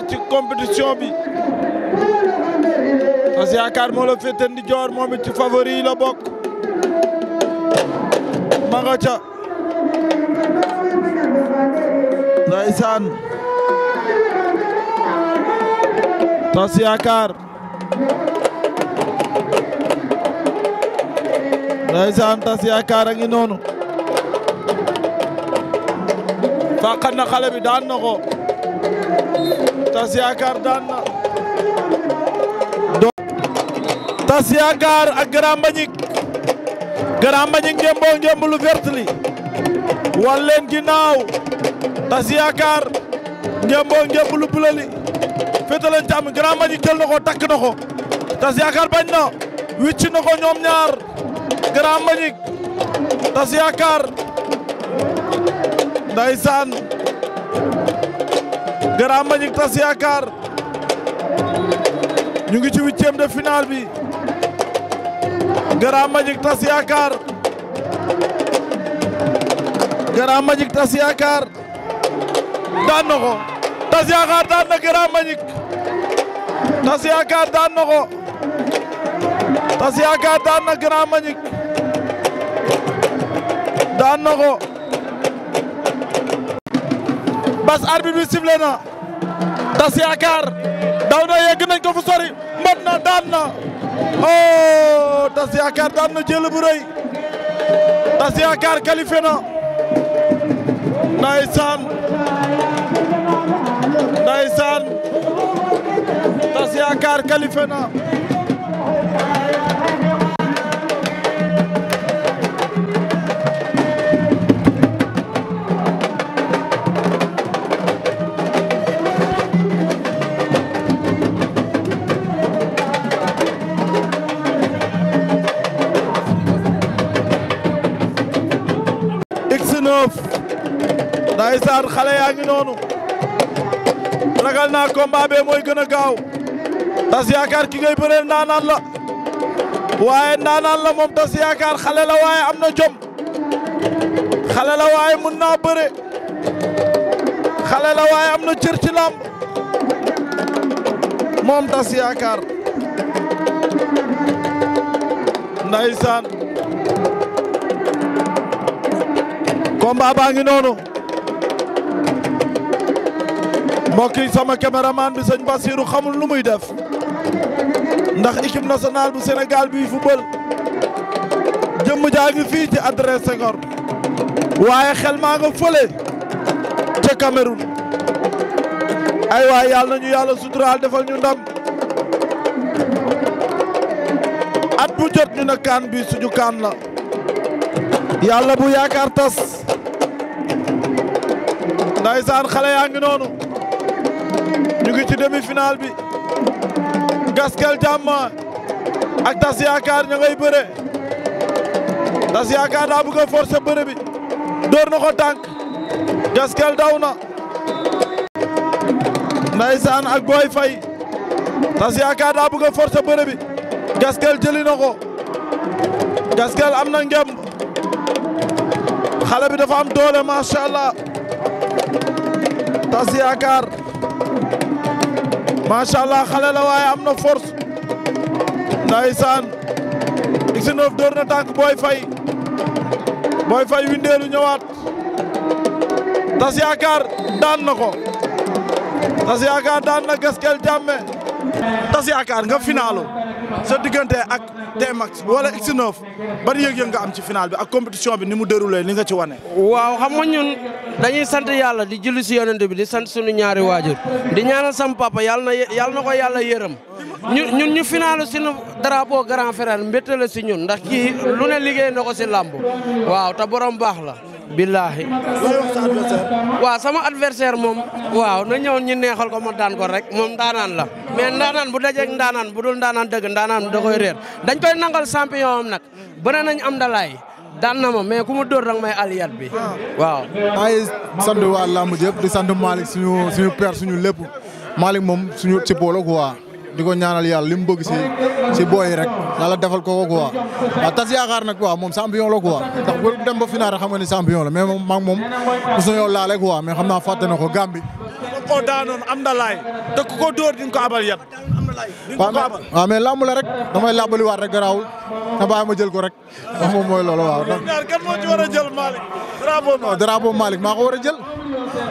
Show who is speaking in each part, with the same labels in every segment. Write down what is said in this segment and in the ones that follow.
Speaker 1: yaakaar Yakar moo la féete ndijoor moom favori la bokk ma nga Yakar ndeysaan Yakar a ngi noonu fàqat na xale bi daan na tas yaakaar daan na tas yaakaar ak Grand Mbagnick Grand Mbagnick ngemboo ngemb lu vert li ginnaaw tas yaakaar ngemboo ngemb lu bula féetaleen càmm Grand Mbagnick jël na ko takk na ko tas yaakaar bañ na wicc na ko ñoom ñaar Grand Mbagnick tas yaakaar ndeysaan Grand Mbagnick Tass Yakar ñu ngi ci huitième de finale bi Grand Mbagnick Tass Yakar Grand Mbagnick Tass Yakar daan na ko Tass daan na Grand Mbagnick Tass Yakar daan na ko Tass daan na Grand Mbagnick daan na bas arbitre bi sifflé na tas yaakaar daw na yegg nañ ko fu sori mbot na daan na oh tas yaakaar daan na jël bu tas yaakaar qualifié na ndeysaan ndeysaan tas yaakaar qualifié na ndeysaan xale yaa ngi noonu ragal naa combat bee mooy gën a gaaw tas yaakaar ki ngay bëreel ndaanaan la waaye ndaanaan la moom tas yaakaar xale la waaye am na jom xale la waaye mën naa bëre xale la waaye am na cër ci làmb moom tas yaakaar ndeysaan combat baa ngi noonu mbokk yi sama caméraman bi sëñ Bassirou xamul lu muy def ndax équipe nationale bu Sénégal bi football jëmm jaa ngi fii ci Adrien Senghor waaye xel maa nga fële ca Cameroun ay waay yàlla nañu yàlla suturaal defal ñu ndam at bu jot ñu ne kaan bi suñu kaan la yàlla bu yaakaar tas ndaysaan xale yaa ngi noonu ci demi-finale bi Gaskel Diamma ak Tass Yakar ña bëre Tass Yakar daa bëgg a bëre bi door na Gaskel daw na ndaysaan ak Boy Faye Tass Yakar daa bëgg a bëre bi Gaskel jëli Gaskel am na ngemb xale bi dafa doole macha allah Tass macha allah xale la waaye am na force ndaysaan X9 door na tànk Boy Faye Boy Faye windeelu ñëwaat Tass Yakar daan na ko Tass Yakar daan na Gaskel Jamme Tass Yakar nga finaalu sa diggante ak T-Max wala X9 ban yëg-yëg nga am ci final bi ak compétition bi ni mu déroulé ni nga ci wane. waaw xam nga ñun dañuy sant yàlla di julli si yonent bi di sant sunu ñaari waajur di ñaanal sam papa yàlla na yàlla na ko yàlla yërëm ñu ñun ñu finalu sinu drapeau grand frère mbétte si ñun ndax kii lu ne liggéey na ko si làmb waaw te borom baax la. billahi waa sama adversaire moom waaw na ñëw ñu neexal ko ma daan ko rek moom daanaan la mais ndaanaan bu dajeeg ndaanaan bu dul ndaanaan dëgg ndaanaan da koy réer dañ koy nangal champion am nag bëre nañ am dalaay daan na ma mais ku mu dóor rek may aliyat bi waaw. maa ngi sant laa làmb yëpp di sant Malick suñu suñu père suñu lépp Malick moom suñu ci boolo quoi di ko ñaanal yàlla li mu bëgg si si booy rek yàlla defal ko ko quoi waaw tas yaakaar nag quoi moom champion la quoi ndax bu dem ba final xam nga ni champion la mais moom maa ngi moom mosu xam naa fàtte na ko Gambie. koo daanoon am na laay te ku ko dóor di ko abal yat. waaw mais làmb la rek damay làmbaliwaat rek garaawul nga bàyyi ma jël ko rek wax moom mooy loolu waaw. ñaar kan moo a jël Malick drapeau maa ko war a jël.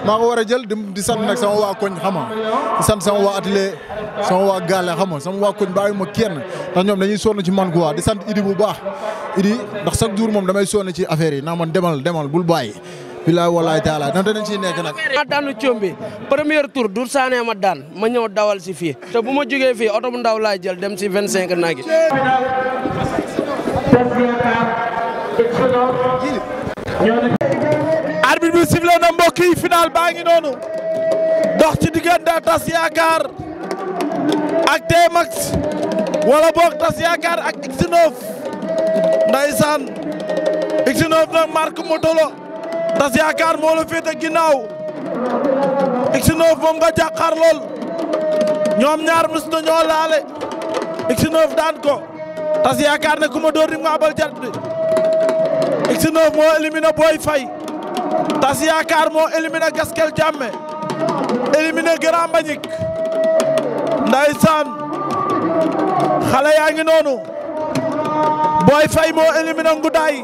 Speaker 1: maa ko war a jël di sant nag sama waa koñ xama di sant sama waa atelier sama waa gaale xama sama waa koñ bàyyi ma kenn ndax ñoom dañuy sonn ci man quoi di sant Idi bu baax Idi ndax chaque jour moom damay sonn ci affaire yi naa man demal demal bul bàyyi. bilaay walaay taala na danañ ci nekk nag. maa daanu Thiomby premier tour Dour Sané ma daan ma ñëw dawal si fii te bu ma jógee fii oto ndaw laay jël dem si 25 nag yi. arbitre bi sifflé na mbokk yi final baa ngi noonu dox ci diggante tas yaakaar ak T-Max wala boog tas yaakaar ak X9 ndaysaan X9 nag marque tas yaakaar moo la féete ginnaaw X9 moom nga jàkkaar ñoom ñaar mës dañoo laale X9 daan ko tas yaakaar ne ku ma door di nga abal jat bi moo éliminé Boy Faye tas yaakaar moo éliminé Gaskel Jamme éliminé Grand Mbagnick ndaysaan xale yaa ngi noonu Boy moo éliminé Ngoudaye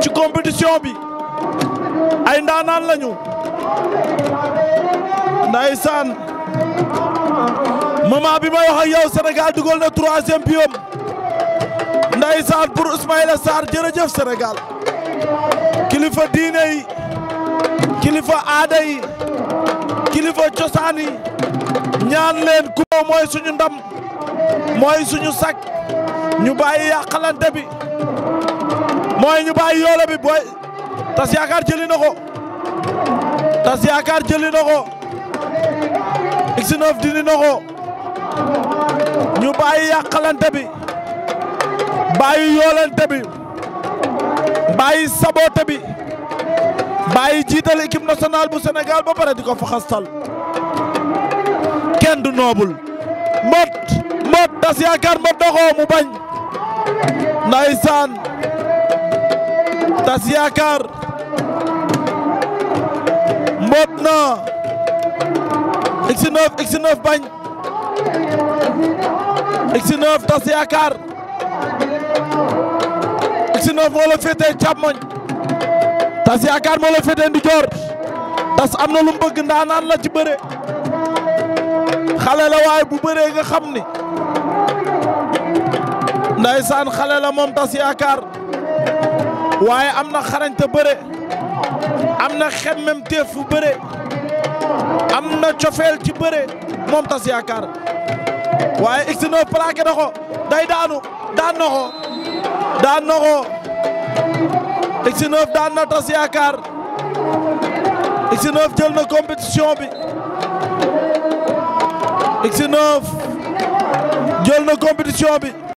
Speaker 1: ci compétition bi ay ndaanaan lañu ndaysaan moment bi may wax ak yow Sénégal dugal na troisième pion ndaysaan pour Ismaïla Sarr jërëjëf Sénégal kilifa diine yi kilifa aada yi kilifa cosaan yi ñaan leen kubo mooy suñu ndam mooy suñu sak ñu bàyyi yàqalante bi mooy ñu bàyyi yoole bi tas yaakaar jëli na ko tas yaakaar jëli na ko X9 ñu bàyyi yàqalante bi bàyyi yoolante bi bàyyi sabote bi bàyyi jiital équipe nationale bu Sénégal ba pare di ko fa kenn du noobul mbot mbot tas yaakaar mbot na mu bañ ndeysaan tas yaakaar mboot na X9 X9 bañ X9 tas yaakaar X9 moo la féetee càmmoñ tas yaakaar moo la féetee ndijoor tas am na lu mu bëgg ndaanaan la ci bëre xale waaye bu bëree nga xam ni ndaysaan xale la moom tas yaakaar waaye am na xarañte bëre am na xemmem teefu bëre am na cofeel ci bëre moom Tass Yakar waaye X9 plaqué na ko day daanu daan na daan na ko daan na Tass Yakar x jël na compétition bi x jël na compétition bi